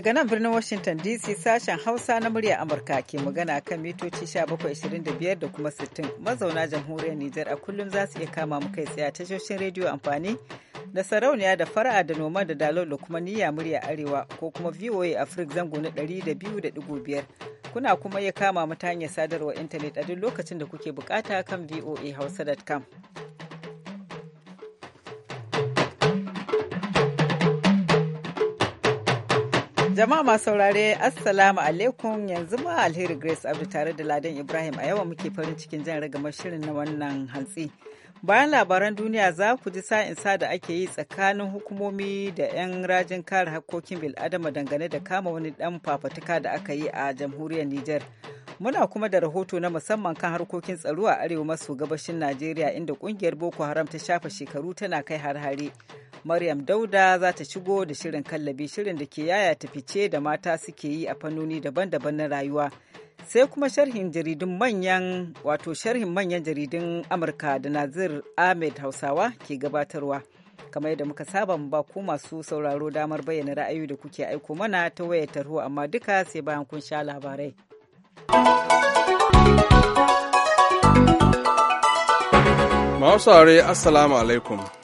Daga nan birnin Washington DC sashen Hausa na murya Amurka ke magana kan mitoci 1725 da kuma 60 mazauna jamhuriyar Nijar a kullum za su iya kama mu kai tsaye a tashoshin rediyo amfani da sarauniya da fara'a da noma da dalo da kuma niyya murya arewa ko kuma VOA Africa zango na 200.5 kuna kuma iya kama mu ta hanyar sadarwar intanet a duk lokacin da kuke bukata kan voa hausa.com Jama'a masu saurare Assalamu alaikum yanzu ma alheri Grace Abdu tare da Ladan Ibrahim a yawa muke farin cikin jan ragamar shirin na wannan hantsi. Bayan labaran duniya za ku ji sa da ake yi tsakanin hukumomi da 'yan rajin kare hakkokin bil'adama dangane da kama wani dan fafatuka da aka yi a jamhuriyar Nijar. Muna kuma da rahoto na musamman kan harkokin tsaro a arewa maso gabashin Najeriya inda kungiyar Boko Haram ta shafa shekaru tana kai har-hare. Maryam Dauda za ta shigo da shirin kallabi shirin da ke yaya ta fice da mata suke yi a fannoni daban-daban na rayuwa. Sai kuma sharhin jaridun manyan wato sharhin manyan jaridun Amurka da Nazir Ahmed Hausawa ke gabatarwa. Kamar yadda muka saba mu ba ku masu sauraro damar bayyana ra'ayoyi da kuke aiko mana ta wayar tarho amma duka sai bayan kun sha labarai. Mawasare Assalamu alaikum.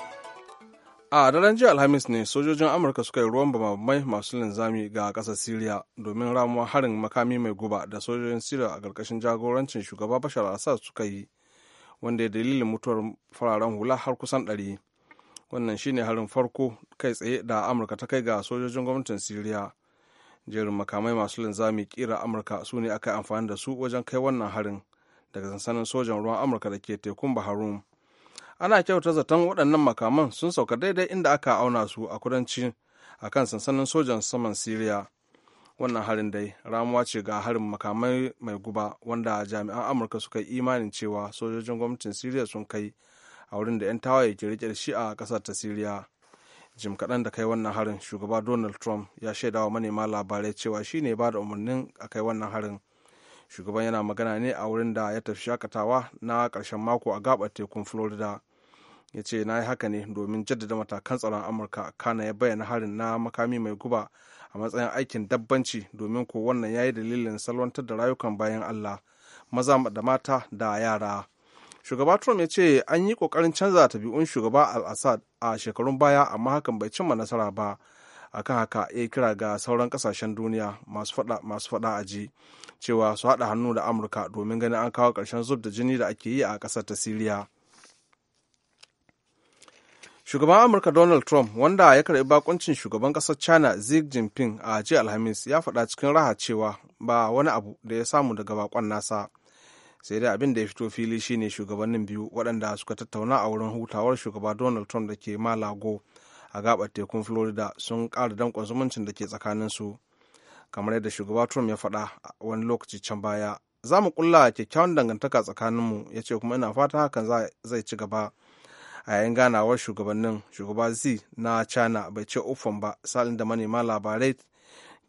a daren jiya alhamis ne sojojin amurka suka yi ruwan bamamai masu linzami ga ƙasar siriya domin ramuwa harin makami mai guba da sojojin siriya a ƙarƙashin jagorancin shugaba bashar assad suka yi wanda ya dalilin mutuwar fararen hula har kusan ɗari wannan shine harin farko kai tsaye da amurka ta kai ga sojojin gwamnatin siriya jerin makamai masu linzami kira amurka su ne aka yi amfani da su wajen kai wannan harin daga sansanin sojan ruwan amurka da ke tekun baharum ana kyauta zaton waɗannan makaman sun sauka daidai inda aka auna su a kudanci a kan sansanin sojan saman siriya wannan harin dai ramuwa ce ga harin makamai mai guba wanda jami'an amurka suka yi imanin cewa sojojin gwamnatin siriya sun kai a wurin da 'yan tawaye ke rike shi a ƙasar ta siriya jim kaɗan da kai wannan harin shugaba donald trump ya shaidawa manema labarai cewa shi ne ba da umarnin a kai wannan harin shugaban yana magana ne a wurin da ya tafi shakatawa na ƙarshen mako a gabar tekun florida ya ce na yi haka ne domin jaddada matakan tsaron amurka kana ya bayyana harin na makami mai guba a matsayin aikin dabbanci domin ko wannan ya yi dalilin salwantar da rayukan bayan allah maza da mata da yara shugaba trump ya ce an yi kokarin canza tabi'un shugaba al-assad a shekarun baya amma hakan bai cimma nasara ba akan haka ya kira ga sauran kasashen duniya masu fada a ji cewa su haɗa hannu da amurka domin ganin an kawo ƙarshen zub da jini da ake yi a kasar ta siriya shugaban amurka donald trump wanda ya karɓi bakuncin shugaban ƙasar china xi jinping a jiya alhamis ya faɗa cikin raha cewa ba wani abu da ya samu daga bakon nasa sai dai abin da ya fito fili shine shugabannin biyu waɗanda suka tattauna a wurin hutawar shugaba donald trump da ke malago a gabar tekun florida sun ƙara danƙon zumuncin da ke tsakaninsu kamar yadda shugaba trump ya faɗa wani lokaci can baya za mu ƙulla kyakkyawan dangantaka tsakaninmu ya ce kuma ina fata hakan zai ci gaba a yayin ganawar shugabannin shugaba z na china bai ce ofan ba salin da manema labarai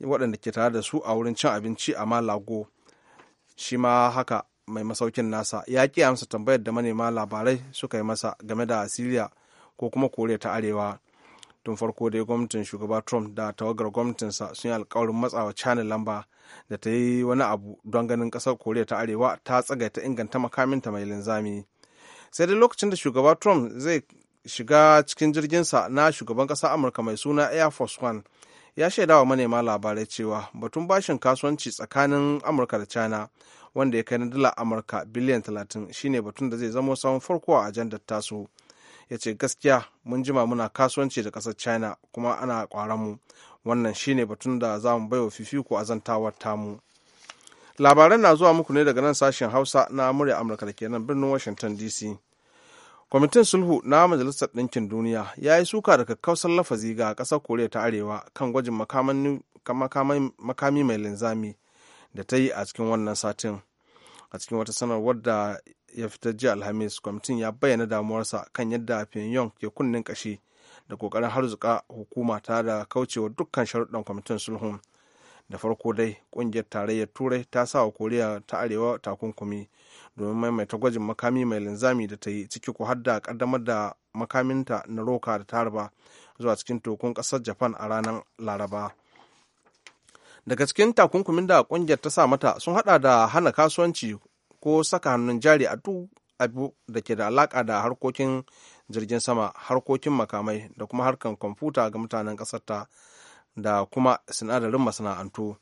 waɗanda ke tare da su a wurin cin abinci a malago shi ma haka mai masaukin nasa ya ki amsa tambayar da manema labarai suka yi masa game da asiriya ko kuma koriya ta arewa tun farko dai gwamnatin shugaba trump da tawagar gwamnatinsa sun yi alkawarin matsawa china lamba da ta yi wani abu don ganin kasar koriya ta arewa ta tsagaita inganta makaminta mai linzami sai dai lokacin da shugaba trump zai shiga cikin jirginsa na shugaban ƙasar amurka mai suna air force one ya shaidawa manema labarai cewa batun bashin kasuwanci tsakanin amurka da china wanda ya kai na dala amurka biliyan 30 shine batun da zai zamo samun farko a ajandar tasu ya ce gaskiya mun jima muna kasuwanci da ƙasar china kuma ana kwaran mu wannan shine batun da za mu baiwa fifiko a zantawar tamu labaran na zuwa muku ne daga nan sashen hausa na murya amurka da ke birnin washington dc kwamitin sulhu na majalisar ɗinkin duniya ya yi suka da kakkausar lafazi ga ƙasar koriya ta arewa kan gwajin makami mai linzami da ta yi a cikin wannan satin a cikin wata sanarwar da ya fitar jiya alhamis kwamitin ya bayyana damuwarsa kan yadda pyongyang ke kunnen kashi da kokarin harzuka hukuma ta da kaucewa dukkan sharuɗan kwamitin sulhun da farko dai kungiyar tarayyar turai ta sa wa koriya ta arewa takunkumi domin maimaita gwajin makami mai linzami da ta yi ciki ko hadda da kaddamar da makaminta na roka da taraba zuwa cikin tokun kasar japan a ranar laraba daga cikin takunkumin da kungiyar ta sa mata sun hada da hana kasuwanci ko saka hannun jari a duk abu da ke da alaka da harkokin jirgin sama harkokin makamai da kuma harkan kwamfuta ga mutanen kasar ta da kuma sinadarin masana'antu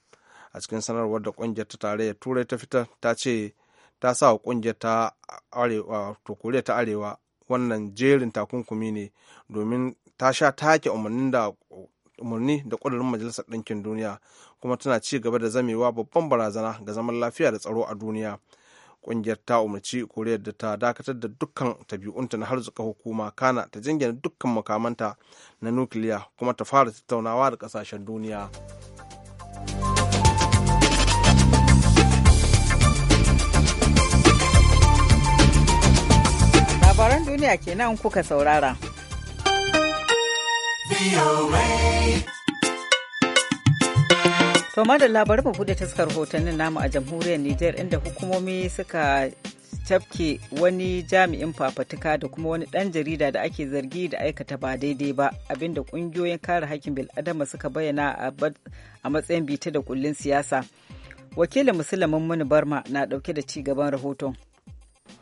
a cikin sanarwar da kungiyar ta tare turai ta fitar ta ce ta sa wa kungiyar ta arewa to koriya ta arewa wannan jerin takunkumi ne domin ta sha take umarnin da umarni da kudurin majalisar ɗinkin duniya kuma tana ci gaba da zamewa babban barazana ga zaman lafiya da tsaro a duniya kungiyar ta umarci koriyar da ta dakatar da dukkan tabi'unta na harzuka hukuma kana ta jingina dukkan makamanta na nukiliya kuma ta fara tattaunawa da kasashen duniya labaran duniya kenan kuka saurara. To da labarin mu buɗe taskar hotonnin namu a jamhuriyar Nijar inda hukumomi suka tafke wani jami'in fafatuka da kuma wani dan jarida da ake zargi da aikata ba daidai ba abinda kungiyoyin kare hakkin bil'adama suka bayyana a matsayin bita da kullun siyasa. Wakilin Musulmin Muni na dauke da ci gaban rahoton.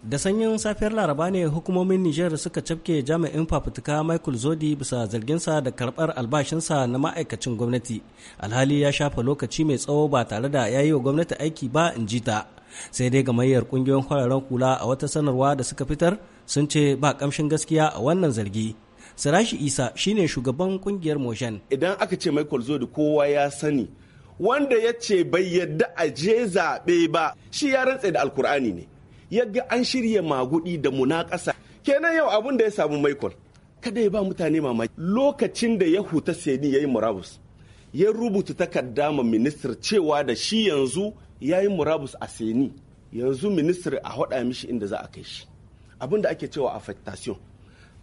da sanyin safiyar laraba ne hukumomin niger suka cafke jami'in fafutuka michael zodi bisa zarginsa da karbar albashinsa na ma'aikacin gwamnati alhali ya shafa lokaci mai tsawo ba tare da ya yi wa gwamnati aiki ba in ji ta sai dai gamayyar kungiyoyin kwararren kula a wata sanarwa da suka fitar sun ce ba kamshin gaskiya a wannan zargi sirashi isa shine shugaban kungiyar motion idan aka ce michael zodi kowa ya sani wanda ya ce bai yadda a je zaɓe ba shi ya rantse da alkur'ani ne ya ga an shirya magudi da munakasa kenan yau abun da ya samu michael kada ya ba mutane mamaki lokacin da ya huta seni ya yi murabus ya rubuta takarda ma ministar cewa da shi yanzu ya yi murabus a seni yanzu ministar a haɗa mishi inda za a kai shi abin da ake cewa affectation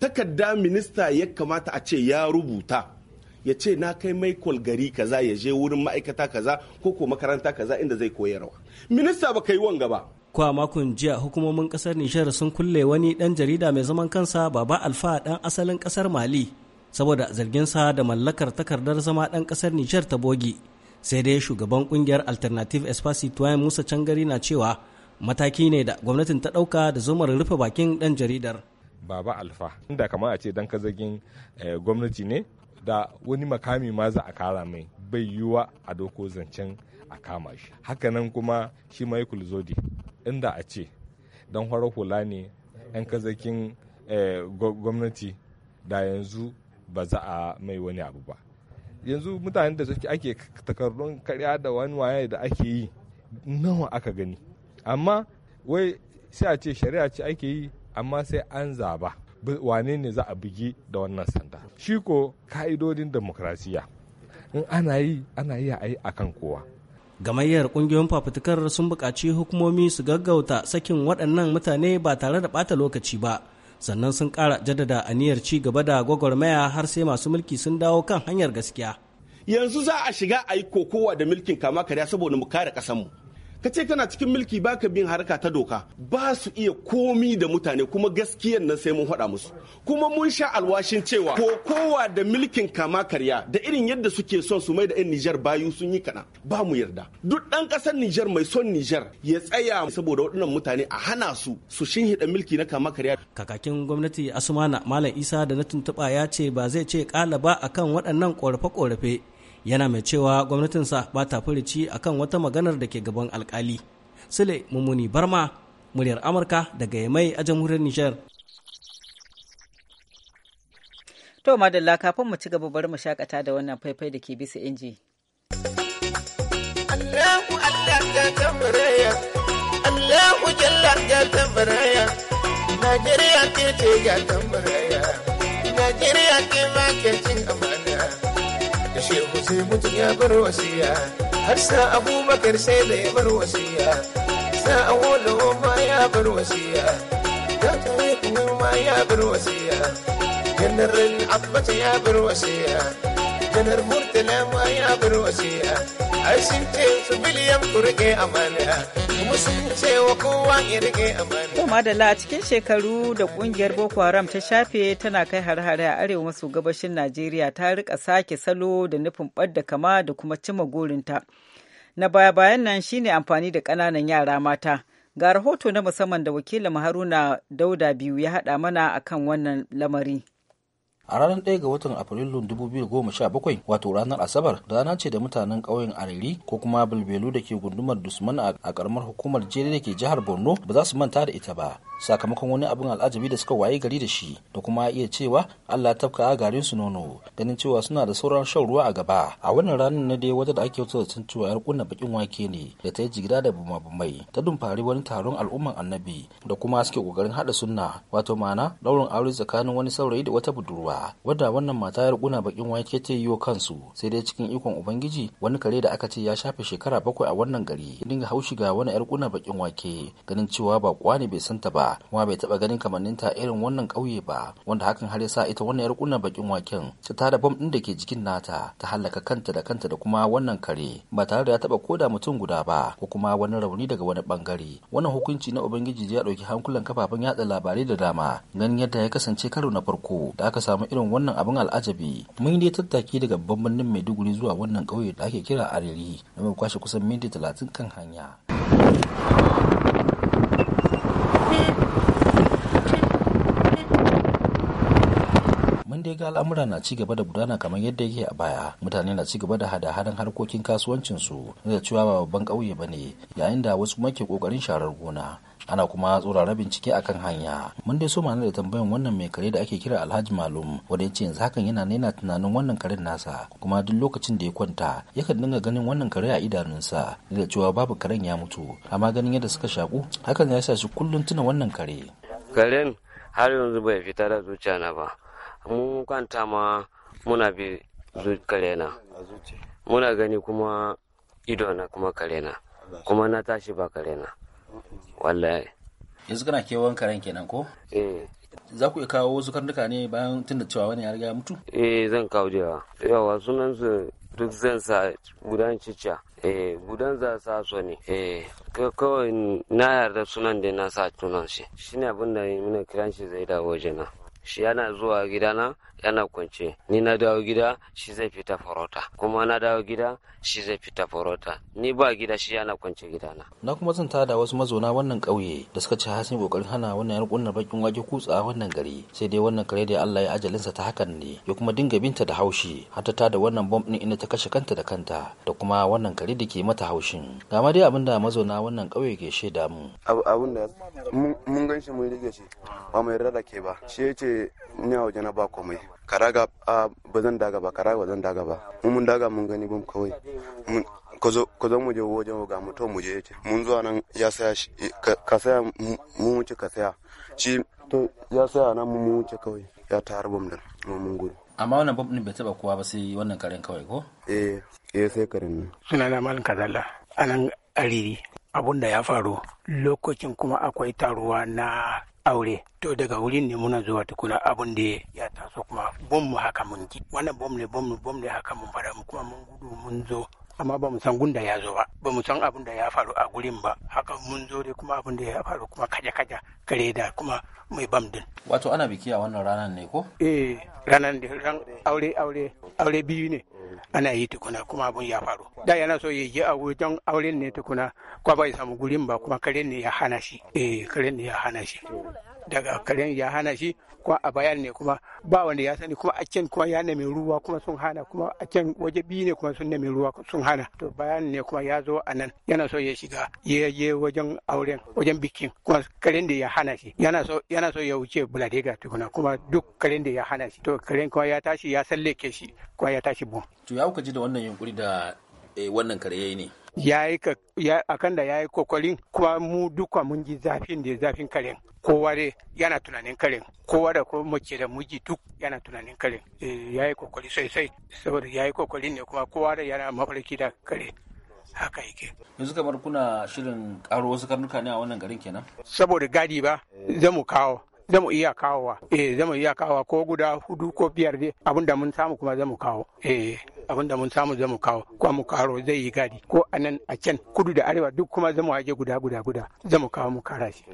takarda minista ya kamata a ce ya rubuta ya ce na kai michael gari kaza ya je wurin ma'aikata kaza ko ko makaranta kaza inda zai koyarwa minista ba yi wanga ba Kwa makon jiya hukumomin kasar Nijar sun kulle wani dan jarida mai zaman kansa Baba Alfa dan asalin kasar Mali saboda zarginsa da mallakar takardar zama dan kasar Nijar ta bogi. Sai dai shugaban kungiyar Alternative Espace Musa Cangari na cewa mataki ne da gwamnatin ta dauka da zumar rufe bakin dan jaridar. Baba Alfa, inda kamar a ce dan kazagin eh, gwamnati ne da wani makami ma za a kara mai bai yiwuwa a doko zancen a kama shi hakanan kuma shi michael zodi inda a ce don farar hula ne 'yan kazakin eh, gwamnati da yanzu ba za a mai wani abu ba yanzu mutanen da suke ake takardun karya da wani waye da ake yi nawa aka gani amma wai sai a ce shari'a ce ake yi amma sai an zaba wane ne za a bugi da wannan sanda shi ko ka'idodin demokrasiya in ana yi ana yi a yi akan kowa gamayyar kungiyoyin fafutukar sun buƙaci hukumomi su gaggauta sakin waɗannan mutane ba tare da ɓata lokaci ba sannan sun ƙara jaddada aniyar ci gaba da gwagwarmaya har sai masu mulki sun dawo kan hanyar gaskiya yanzu za a shiga a yi kokowa da mulkin kama karya saboda mu kare ƙasarmu ka ce kana cikin mulki baka bin harka ta doka ba su iya komi da mutane kuma gaskiyan nan sai mun faɗa musu kuma mun sha alwashin cewa ko kowa da mulkin kama karya da irin yadda suke son su mai da 'yan Nijar bayu sun yi kana ba mu yarda duk dan ƙasar Nijar mai son Nijar ya tsaya saboda waɗannan mutane a hana su su shinhiɗa mulki na kama karya. Kakakin gwamnati Asumana Malam Isa da na tuntuɓa ya ce ba zai ce ƙala ba akan waɗannan ƙorafe-ƙorafe yana mai cewa gwamnatinsa ba ta furici kan wata maganar da ke gaban alkali sule mummuni barma muryar amurka daga yamai a jamhuriyar nijar to madalla kafin mu ci gaba bari mu shakata da wannan faifai da ke bisa inji Allahu Allah tambaraya Allahu Najeriya ke ce ga tambaraya Najeriya ke cin shehu sai mutum ya bar wasiya har sa abubakar sai da ya bar wasiya sa awolowo ma ya bar wasiya da tare kuma ma ya bar wasiya janar abbata ya bar wasiya janar murtala ma ya bar wasiya ai sun ce su biliyan kurke amana mu a cikin shekaru da kungiyar Boko Haram ta shafe tana kai har-hare a arewa maso gabashin Najeriya ta rika sake salo da nufin ɓadda kama da kuma cima gorinta. Na baya-bayan nan shine amfani da ƙananan yara mata. Ga rahoto na musamman da wakilin Haruna Dauda biyu ya haɗa mana akan wannan lamari. a ranar 1 ga watan afrilun 2017 wato ranar asabar rana ce da mutanen ƙauyen ariri ko kuma bilbelu da ke gundumar dusman a karamar hukumar jere da ke jihar borno ba za su manta da ita ba sakamakon wani abin al'ajabi da suka waye gari da shi da kuma iya cewa Allah tafka a garin su nono ganin cewa suna da sauran shan ruwa a gaba a wannan ranar na dai wata da ake wata zaton cewa yar kunna bakin wake ne da ta yi jigida da bumabumai ta dumfari wani taron al'umman annabi da kuma suke kokarin hada sunna wato mana, daurin aure tsakanin wani saurayi da wata budurwa wadda wannan mata yar kunna bakin wake ta yi kansu sai dai cikin ikon ubangiji wani kare da aka ce ya shafe shekara bakwai a wannan gari ya dinga haushi ga wani yar kunna bakin wake ganin cewa ba kwani bai santa ba kuma bai taba ganin kamanninta irin wannan kauye ba wanda hakan har sa ita wannan yar kunnar bakin waken ta tada bom din da ke jikin nata ta halaka kanta da kanta da kuma wannan kare ba tare da ya taba koda mutum guda ba ko kuma wani rauni daga wani bangare wannan hukunci na ubangiji ya dauki hankulan kafafen yatsa labarai da dama ganin yadda ya kasance karo na farko da aka samu irin wannan abin al'ajabi mun yi tattaki daga babban birnin maiduguri zuwa wannan kauye da ake kira ariri na kwashe kusan minti talatin kan hanya ga al'amura na ci gaba da gudana kamar yadda yake a baya mutane na ci gaba da hada-hadan harkokin kasuwancin su da cewa ba babban kauye ba ne yayin da wasu kuma ke kokarin sharar gona ana kuma tsorara bincike akan hanya mun dai so mana da tambayan wannan mai kare da ake kira alhaji malum wanda ya ce yanzu hakan yana nena tunanin wannan karen nasa kuma duk lokacin da ya kwanta yakan dinga ganin wannan kare a idanunsa da cewa babu karen ya mutu amma ganin yadda suka shaku hakan ya sa shi kullum tuna wannan kare karen har yanzu bai fita da zuciya na ba mu kwanta ma muna bi karena muna gani kuma idona kuma karena kuma na tashi ba karena wallahi yanzu kana kewan karen kenan ko eh za ku iya kawo wasu karnuka ne bayan tunda cewa wani ya riga mutu eh zan kawo jewa yawa sunan su duk zan sa gudan cicca eh gudan za sa so ne eh kawai na yarda sunan da na sa tunan shi shine abin da muna kiran shi zai dawo jana shi yana zuwa gidana yana kwance ni na dawo gida shi zai fita farauta kuma na dawo gida shi zai fita farauta ni ba gida shi yana kwance gidana na kuma zan da wasu mazauna wannan ƙauye da suka ci hasin kokarin hana wannan yar kunnar bakin wake kutsa wannan gari sai dai wannan kare da Allah ya ajalinsa ta hakan ne ya kuma dinga binta da haushi har ta tada wannan bomb din inda ta kashe kanta da kanta da kuma wannan kare da ke mata haushin ga ma dai abinda mazauna wannan ƙauye ke shaida mu abun da mun ganshi mun rige shi ba mai rada ke ba shi yace dai ni a waje na ba komai karaga a ba zan daga ba karaga ba zan daga ba mun daga mun gani bum kawai ko zo mu je wajen ga mutum mu je mun zuwa nan ya saya ka saya mun wuce ka saya shi to ya saya nan mun wuce kawai ya tar harbam da mun gudu amma wannan bum din bai taba kowa ba sai wannan karen kawai ko eh eh sai karen ne suna na malin kazalla anan ariri abun da ya faru lokacin kuma akwai taruwa na aure to daga wurin ne muna zuwa tukuna abun da ya taso kuma bom mu haka mun ji wannan bom ne bom ne bom ne haka mun fara mu kuma mun gudu mun zo amma ba mu san gunda ya zo ba ba mu san abin da ya faru a gurin ba haka mun zo dai kuma abin da ya faru kuma kaja kaja kare da kuma mai bam din wato ana biki a wannan ranar ne ko eh ranar da ran aure aure aure biyu ne ana yi tukuna kuma abin ya faru da yana so ya je a wajen auren ne tukuna kuma bai samu gurin ba kuma kare ne ya hana shi eh kare ne ya hana shi daga karen ya hana shi kuma a bayan ne kuma ba wanda ya sani kuma can kuma ya nemi ruwa kuma sun hana kuma can waje biyu ne kuma sun nemi ruwa sun hana to bayan ne kuma ya zo a nan yana so ya shiga ya je wajen auren wajen bikin kuma karen da ya hana shi yana so yana so ya wuce buladega tukuna kuma duk karen da ya hana shi to karen kuma ya tashi ya sallake shi kuma ya tashi bom to ya kuka ji da wannan yunkuri da eh, wannan kare ya yi ne a kan da ya yi kokarin kuma mu duka mun ji zafin da zafin karen kowa dai yana tunanin karen kowa da kuma mace da muji duk yana tunanin karen eh, ya yi kokari sosai saboda ya yi kokari ne kuma kowa da yana mafarki da kare haka yake yanzu kamar kuna shirin karo wasu karnuka ne a wannan garin kenan saboda gadi ba zamu kawo zamu iya kawowa eh zamu iya kawowa ko guda hudu ko biyar dai abinda mun samu kuma zamu kawo eh abinda mun samu zamu kawo ko mu karo zai yi gadi ko anan a can kudu da arewa duk kuma zamu haje guda guda guda zamu kawo mu kara shi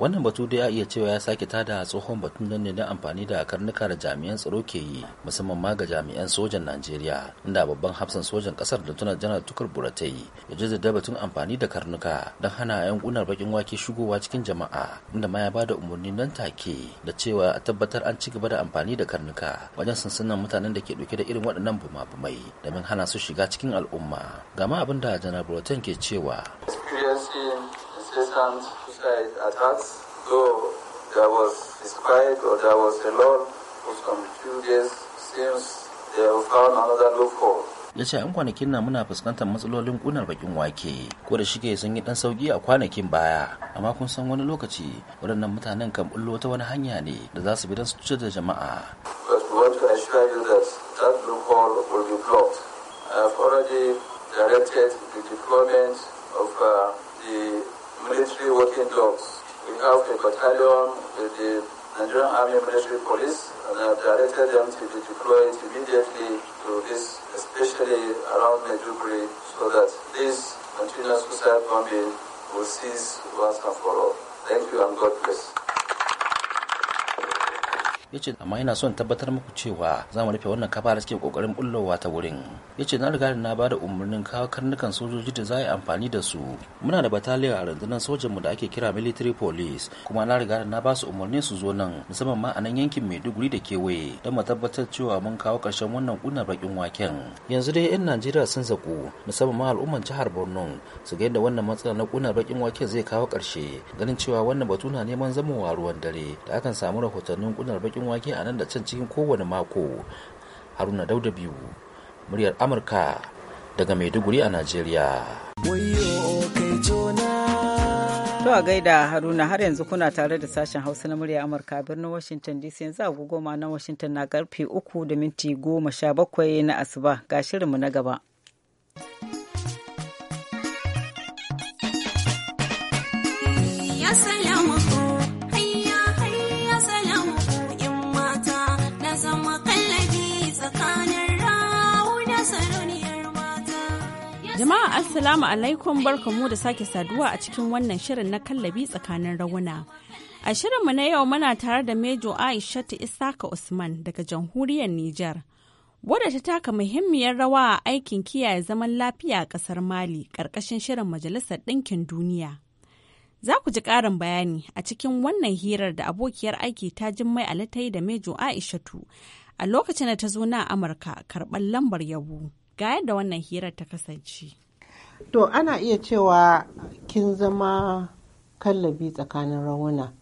wannan batu dai a iya cewa ya sake tada tsohon batun nan ne na amfani da karnuka da jami'an tsaro ke yi musamman ma ga jami'an sojan najeriya inda babban hafsan sojan kasar da tunar janar tukar buratai ya jaddada batun amfani da karnuka don hana yan kunar bakin wake shigowa cikin jama'a inda ma ya ba da umarni nan take da cewa a tabbatar an ci gaba da amfani da karnuka wajen sansanin mutanen da ke dauke da irin waɗannan bumabumai domin hana su shiga cikin al'umma gama abin da janar buratai ke cewa a or there was a lull some few ya ce an kwanakin na muna fuskantar matsalolin kunar bakin wake ko da shige sun yi dan sauki a kwanakin baya amma kun san wani lokaci wadannan mutanen kan bullo ta wani hanya ne da za su bi don su cutar da jama'a but we want to assure you that that loophole will be blocked i have already directed military working dogs. We have a battalion with the Nigerian Army Military Police, and I have directed them to be deployed immediately to this, especially around Maiduguri, so that this continuous suicide bombing will cease once and for all. Thank you and God bless. ya ce amma ina son tabbatar muku cewa za mu rufe wannan kafa da suke kokarin bullowa ta wurin ya ce na riga da na bada umarnin kawo karnukan sojoji da za a yi amfani da su muna da bataliya a rundunar sojanmu da ake kira military police kuma na riga da na ba su umarnin su zo nan musamman ma a nan yankin maiduguri da kewaye don mu tabbatar cewa mun kawo karshen wannan kunar bakin waken yanzu dai 'yan najeriya sun zaku musamman ma al'umman jihar borno su ga yadda wannan matsala na kunar bakin waken zai kawo karshe ganin cewa wannan batu na neman zama ruwan dare da akan samu rahotannin kunar bakin bakin wake a nan da can cikin kowane mako haruna dauda biyu muryar amurka daga maiduguri a najeriya To a gaida Haruna har yanzu kuna tare da sashen Hausa na murya Amurka a birnin Washington DC yanzu agogo goma na Washington na karfe uku da minti goma sha bakwai na asuba ga shirinmu na gaba. Jama'a Assalamu alaikum barkamu da sake saduwa a cikin wannan shirin na kallabi tsakanin rawuna. A shirinmu na yau muna tare da Mejo Aishatu Isaka Usman daga jamhuriyar Nijar. Wadda ta taka muhimmiyar rawa a aikin kiyaye zaman lafiya a kasar Mali ƙarƙashin shirin Majalisar Ɗinkin Duniya. Za ku ji ƙarin bayani a cikin wannan hirar da abokiyar aiki ta Jummai Alatai da Mejo Aishatu a lokacin da ta zo na Amurka karɓar lambar yabo. Ga yadda wannan hirar ta kasance. To ana iya cewa kin zama kallabi tsakanin rawuna.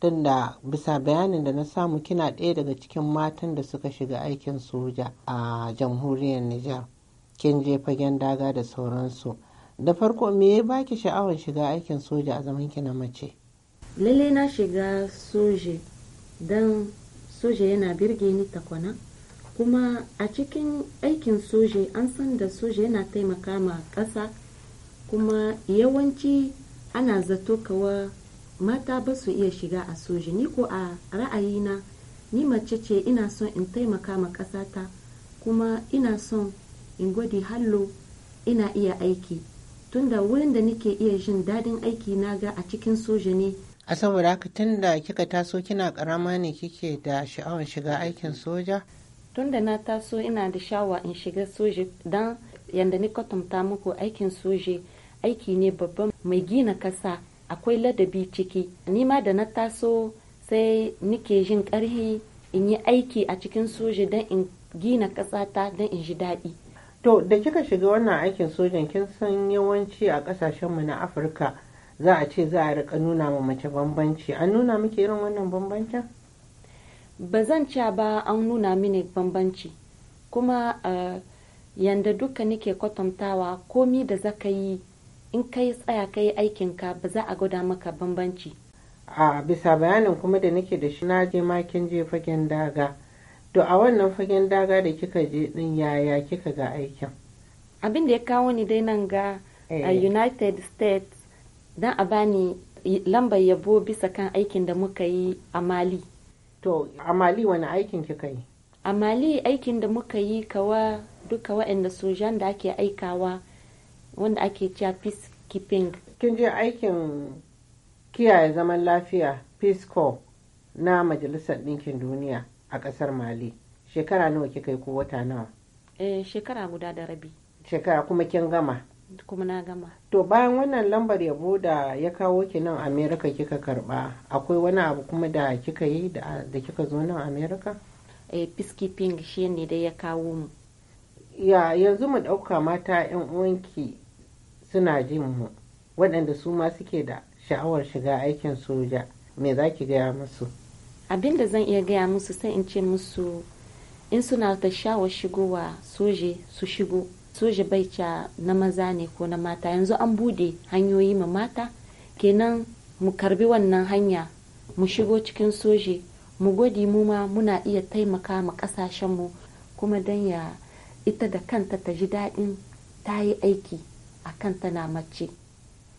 Don da bisa bayanin da na samu kina ɗaya daga cikin matan da suka shiga aikin soja a jamhuriyar Nijar. Kin je fagen daga da sauransu. Da farko me ya baki sha'awar shiga aikin soja a zaman ki na mace? Lallai na shiga soje, don soja yana birge ni takwana. kuma a cikin aikin soje an san da soje yana taimaka ma ƙasa kuma yawanci ana zato kawa mata ba su iya shiga a soje ni ko a ra'ayina ni mace ce ina son in taimaka ma ƙasata kuma ina son in gwadi hallo ina iya aiki tunda wurin da nike iya jin daɗin aiki na ga a cikin soja ne a saboda haka tun da kika taso kina karama ne kike da sha'awar shiga aikin soja tun da na taso ina da shawa in shiga soji dan yadda ni kwatanta muku aikin soji aiki ne babban mai gina kasa akwai ladabi ciki nima da na taso sai nike jin karhi in yi aiki a cikin soji don in gina ta don in ji daɗi to da kika shiga wannan aikin sojan kin san yawanci a kasashenmu na afirka za a ce za a rika nuna ma mace bambanci an nuna muke irin wannan bambancin ba zan ca ba an nuna mini bambanci kuma eh, yanda duka nike kwatantawa komi da za ka yi in ka yi tsaya ka yi aikinka ba za a gwada maka bambanci a bisa bayanin kuma da nake da shi na je makin je fagen daga to a wannan fagen daga da kika je din yaya kika ga aikin abin da ya kawo ni dai nan ga eh. united states don a bani lambar yabo bisa kan aikin da muka yi a mali to a mali wani aikin kika yi a mali aikin da muka yi kawa duka waɗanda sojan da ake aikawa wanda ake cewa peacekeeping kin je aikin kiyaye zaman lafiya peace corps na majalisar ɗinkin duniya a ƙasar mali shekara nawa kika yi ko wata nawa eh shekara guda da rabi shekara kuma kin gama kuma na gama to bayan wannan lambar yabo da ya kawo ki nan amerika kika karba akwai wani abu kuma da kika yi da kika zo nan amerika eh peacekeeping shi ne da ya kawo mu ya yanzu mu ɗauka mata 'yan uwanki suna jin mu waɗanda su ma suke da sha'awar shiga aikin soja me za ki gaya musu abin da zan iya gaya musu sai in ce musu in suna da sha'awar shigowa soje su shigo soja bai ca na maza ne ko na mata yanzu an bude hanyoyi ma mata kenan mu karbi wannan hanya mu shigo cikin soje mu gwadi mu ma muna iya taimaka ma mu kuma don ya ita da kanta ta ji daɗin ta yi aiki a kan tana mace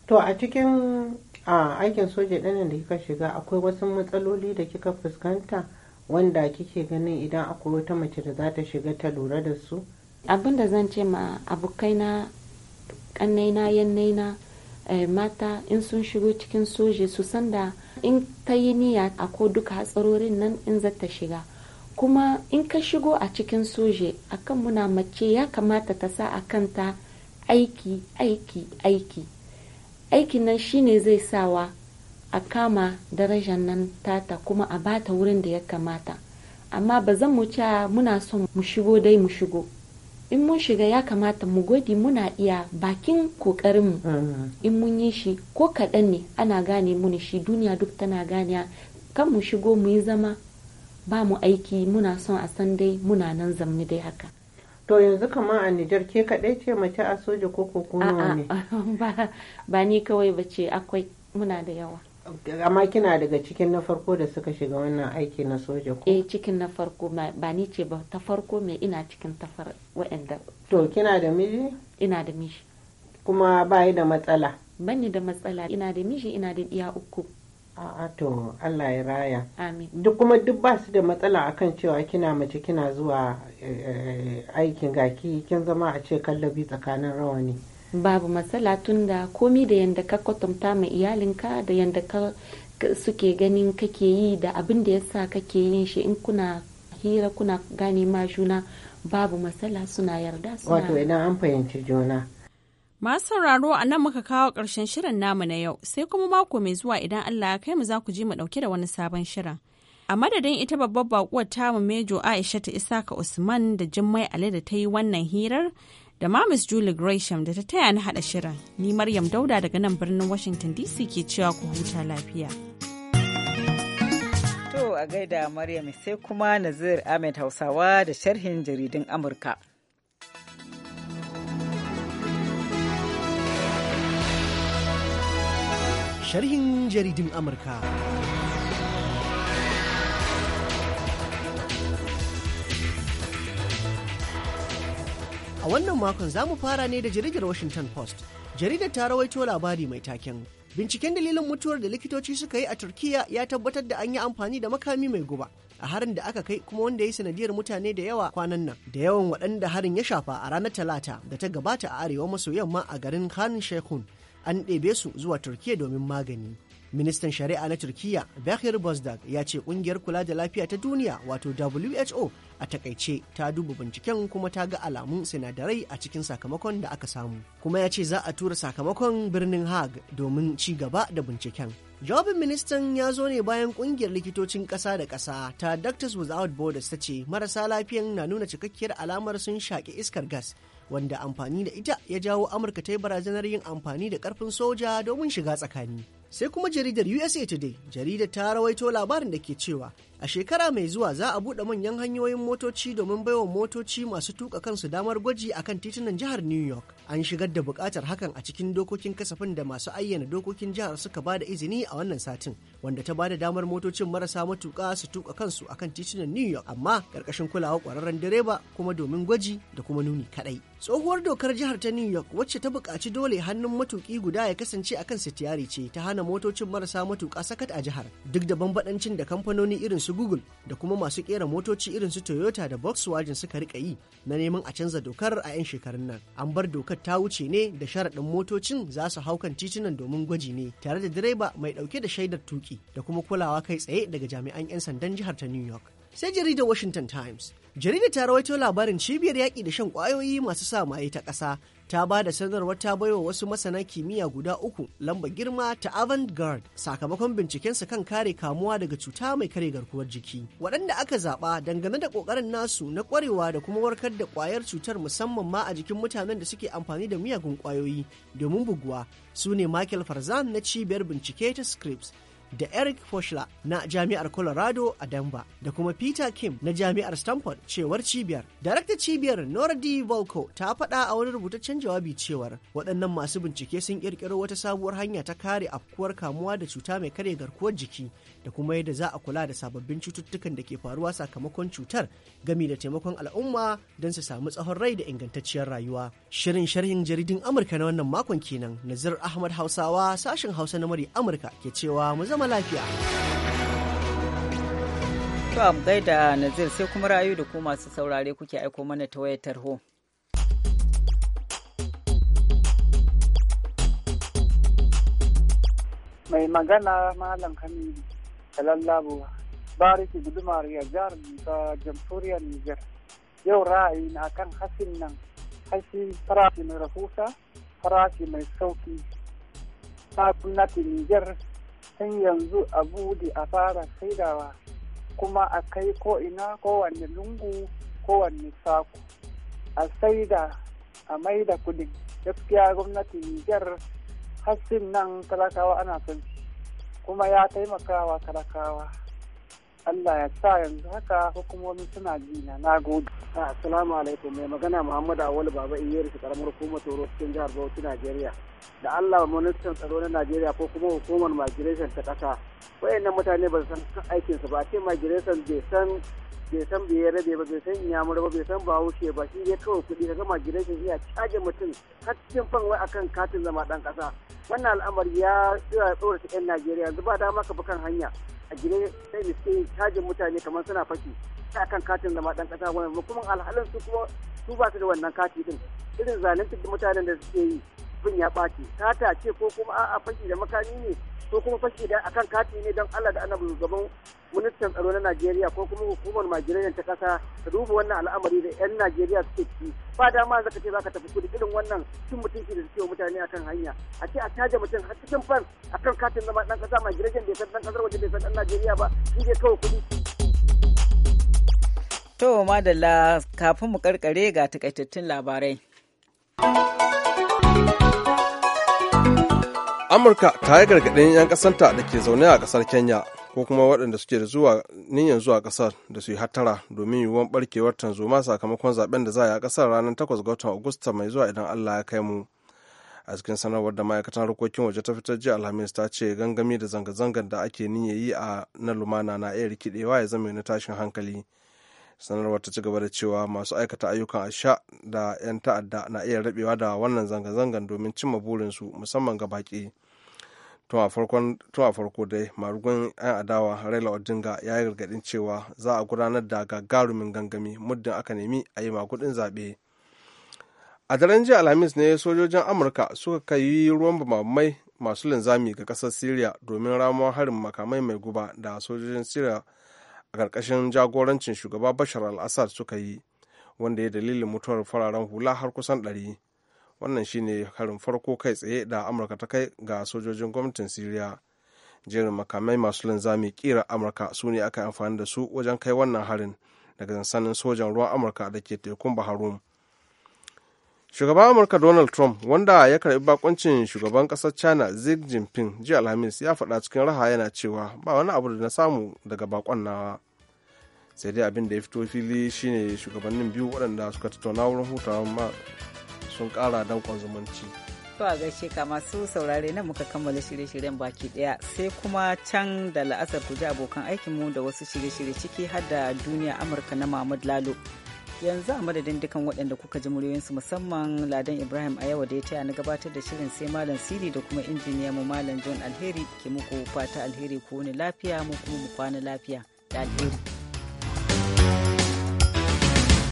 to a cikin aikin soja ɗanin da kika shiga akwai wasu matsaloli da kika fuskanta wanda kike ganin idan akwai wata mace da za ta shiga ta lura da su abin da zan ce ma abokaina kannaina yannaina eh, mata in sun shigo cikin soje su san da in ta yi niyya a ko duka hatsarorin nan in zata ta shiga kuma in ka shigo a cikin soje akan muna mace ya kamata ta sa a kanta aiki aiki aiki aiki nan shine zai sawa a kama darajar nan tata kuma a bata wurin da ya kamata amma ba zan mu muna son mu shigo dai mu shigo in mun shiga ya kamata mu gwadi muna iya bakin kokarinmu mm. in mun yi shi ko kaɗan ne ana gane muni shi duniya duk tana gane kan mu shigo mu yi zama ba mu aiki muna son a san dai muna nan zamni dai haka to yanzu kama a Nijar ke kaɗai ce mace a soja ko ko ne ba ni kawai bace akwai muna da yawa amma kina daga cikin na farko da suka shiga wannan aiki na soja ko eh cikin na farko ba ni ce ba ta farko mai ina cikin ta wa'anda to kina da miji ina da miji kuma bayi da matsala bani da matsala ina da miji ina da iya uku a'a to Allah ya raya amin duk kuma duk ba su da matsala akan cewa kina mace kina zuwa eh, eh, eh, aikin gaki kin zama a ce kallabi tsakanin rawani babu matsala tunda komi da yadda ka kwatanta ma iyalinka da yadda ka suke ganin kake yi da abin da yasa kake yin shi in kuna hira kuna gane ma juna babu matsala suna yarda suna wato idan an fahimci juna Masu sauraro a nan muka kawo ƙarshen shirin namu na yau sai kuma mako mai zuwa idan Allah ya kai mu za ku ji mu ɗauke da wani sabon shirin. A madadin ita babbar baƙuwar tamu Mejo Aisha ta Isaka Usman da Jummai Ali da ta yi wannan hirar da mamis Miss Julie Gresham da ta taya ni haɗa shirin. Ni Maryam Dauda daga nan birnin Washington DC ke cewa ku huta lafiya. To a gaida Maryam sai kuma Nazir Ahmed Hausawa da sharhin jaridun Amurka. Sharhin jaridun Amurka. wannan makon za mu fara ne da jaridar Washington Post. Jaridar ta rawaito labari mai taken. Binciken dalilin mutuwar da likitoci suka yi a turkiyya ya tabbatar da an yi amfani da makami mai guba. a harin da aka kai kuma wanda ya yi sanadiyar mutane da yawa kwanan nan da yawan waɗanda harin ya shafa a ranar talata da ta gabata a arewa maso yamma a garin khan sheikhun an ɗebe su zuwa turkiya domin magani ministan shari'a na turkiyya bakir bozdag ya ce ƙungiyar kula da lafiya ta duniya wato who a takaice ta duba binciken kuma ta ga alamun sinadarai a cikin sakamakon da aka samu kuma ya ce za a tura sakamakon birnin hag domin ci gaba da binciken jawabin ministan ya zo ne bayan kungiyar likitocin ƙasa da ƙasa ta doctors without borders ta ce marasa lafiyan na nuna cikakkiyar alamar sun shaƙi iskar gas wanda amfani da ita ya jawo amurka ta yi barazanar yin amfani da ƙarfin soja domin shiga tsakani sai kuma jaridar usa today jaridar ta rawaito labarin da ke cewa a shekara mai zuwa za a buɗe manyan hanyoyin motoci domin baiwa motoci masu tuka kansu damar gwaji akan titunan jihar new york an shigar da buƙatar hakan a cikin dokokin kasafin da masu ayyana dokokin jihar suka ba da izini a wannan satin wanda ta ba da damar motocin marasa matuƙa su tuka kansu akan titunan new york amma ƙarƙashin kulawa ƙwararren direba kuma domin gwaji da kuma nuni kaɗai tsohuwar dokar jihar ta new york wacce ta buƙaci dole hannun matuki guda ya kasance akan sitiyari ce ta hana motocin marasa matuka sakat a jihar duk da banbaɗancin da kamfanoni irin su google da kuma masu ƙera motoci irin su toyota da volkswagen suka riƙa yi na neman a canza dokar a 'yan shekarun nan an bar dokar ta wuce ne da sharaɗin motocin za su kan titunan domin gwaji ne tare da direba mai ɗauke da shaidar tuki da kuma kulawa kai tsaye daga jami'an 'yan sandan jihar ta New York. Sai jaridar Washington Times. Jaridar ta rawaito labarin cibiyar yaƙi da shan ƙwayoyi masu sa maye ta ƙasa ta ba da sanarwar ta baiwa wasu masana kimiyya guda uku lamba girma ta avant-garde sakamakon bincikensa kan kare kamuwa daga cuta mai kare garkuwar jiki waɗanda aka zaɓa dangane da ƙoƙarin nasu na ƙwarewa da kuma warkar da ƙwayar cutar musamman ma a jikin mutanen da suke amfani da miyagun ƙwayoyi domin buguwa su ne michael farzan na cibiyar bincike ta scripps da Eric Foshla na Jami'ar Colorado a Denver da kuma Peter Kim na Jami'ar Stanford cewar cibiyar. Darakta cibiyar Nordi Volko ta faɗa a wani rubutaccen jawabi cewar waɗannan masu bincike sun ƙirƙiro wata sabuwar hanya ta kare afkuwar kamuwa da cuta mai karya garkuwar jiki da kuma yadda za a kula da sababbin cututtukan da ke faruwa sakamakon cutar gami da taimakon al'umma don su samu tsahon rai da ingantacciyar rayuwa. Shirin sharhin jaridin Amurka na wannan makon kenan Nazir Ahmad Hausawa sashin Hausa na mari Amurka ke cewa mu zama lafiya. To da Nazir sai kuma rayu da ku masu saurare kuke aiko mana ta wayar tarho. mai magana malam kamilu Lallabu Bariki gudumar ya jihar ta jamhuriyar Nijar. Yau ra'ayi na kan hasin nan hashi farashi mai rahusa farashi mai sauki. Ta gwamnati Nijar sun yanzu a bude a fara saidawa kuma a kai ko'ina kowanne lungu kowanne saku. A saida a maida kudin gaskiya gwamnatin Nijar hasin nan talakawa ana son kuma ya taimakawa talakawa Allah ya sa yanzu haka hukumomi suna ji na na gode. Assalamu alaikum mai magana Muhammad Awal Baba in yi karamar hukumar Toro cikin jihar Bauchi Najeriya. Da Allah ministan tsaro na Najeriya ko kuma hukumar migration ta ƙasa. Wayannan mutane ba su san aikin su ba ce migration bai san bai san bai rabe ba bai san mura ba bai san bahaushe ba shi ya kawo kuɗi ka gama gidan iya caje mutum har cikin wai akan katin zama ɗan ƙasa wannan al'amari ya tsira tsorata 'yan najeriya yanzu ba dama ka bi kan hanya a gine sai da suke cajin mutane kamar suna fashi ta kan katin zama dan kasa wani kuma alhalin su kuma su ba su da wannan kati din irin zalunci da mutanen da suke yi bin ya ɓaci ta ce ko kuma a faki da makami ne ko kuma fashi da akan kati ne don Allah da annabi gaban ministan tsaro na Najeriya ko kuma hukumar Majiriyar ta kasa ta duba wannan al'amari da 'yan Najeriya suke ciki ba dama zaka ce zaka tafi kudi irin wannan cin mutunci da suke wa mutane akan hanya a ce a caje mutum har cikin fan akan katin zama dan kasa Majiriyar bai san dan kasar waje bai san dan Najeriya ba shi dai kawai kudi To madalla kafin mu karkare ga takaitattun labarai. amurka ta yi gargaɗin 'yan ƙasanta da ke zaune a ƙasar kenya ko kuma waɗanda suke da zuwa niyyar zuwa ƙasar da su yi hattara domin yiwuwar ɓarkewar tanzoma sakamakon zaben da za a yi a ƙasar ranar 8 ga watan agusta mai zuwa idan allah ya kai mu a cikin sanarwar da ma'aikatan harkokin waje ta fitar jiya alhamis ta ce gangami da zanga-zangar da ake niyyar yi a na lumana na iya rikidewa ya zama na tashin hankali sanarwar ta ci gaba da cewa masu aikata ayyukan asha da 'yan ta'adda na iya rabewa da wannan zanga-zangar domin cimma burinsu musamman ga baƙi tun a farko dai marugun 'yan adawa raila odinga ya yi gargadin cewa za a gudanar da gagarumin gangami muddin aka nemi a yi makudin zaɓe a daren jiya alhamis ne sojojin amurka suka kai yi ruwan bamamai masu linzami ga ƙasar syria domin ramuwar harin makamai mai guba da sojojin syria a ƙarƙashin jagorancin shugaba bashar al suka yi wanda ya dalilin mutuwar fararen hula har kusan ɗari wannan shine harin farko kai tsaye da amurka ta kai ga sojojin gwamnatin siriya jerin makamai masu linzami kira amurka su ne aka amfani da su wajen kai wannan harin daga sansanin sojan ruwan amurka da ke tekun baharum shugaban amurka donald trump wanda ya karbi bakuncin shugaban kasar china xi jinping jiya alhamis ya faɗa cikin raha yana cewa ba wani abu da na samu daga bakon nawa sai dai abin da ya fito fili shine shugabannin biyu waɗanda suka tattauna wurin hutawa sun ƙara danƙon zumunci. To a gaishe ka masu saurare na muka kammala shirye-shiryen baki ɗaya sai kuma can da la'asar ku ji abokan aikinmu da wasu shirye-shirye ciki har da duniya Amurka na Mahmud Lalo. yanzu a madadin dukan waɗanda kuka ji muryoyinsu musamman ladan ibrahim a yawa da ya taya na gabatar da shirin sai malam siri da kuma injiniya mu malam john alheri ke muku fata alheri ku wani lafiya mu kuma mu kwana lafiya da alheri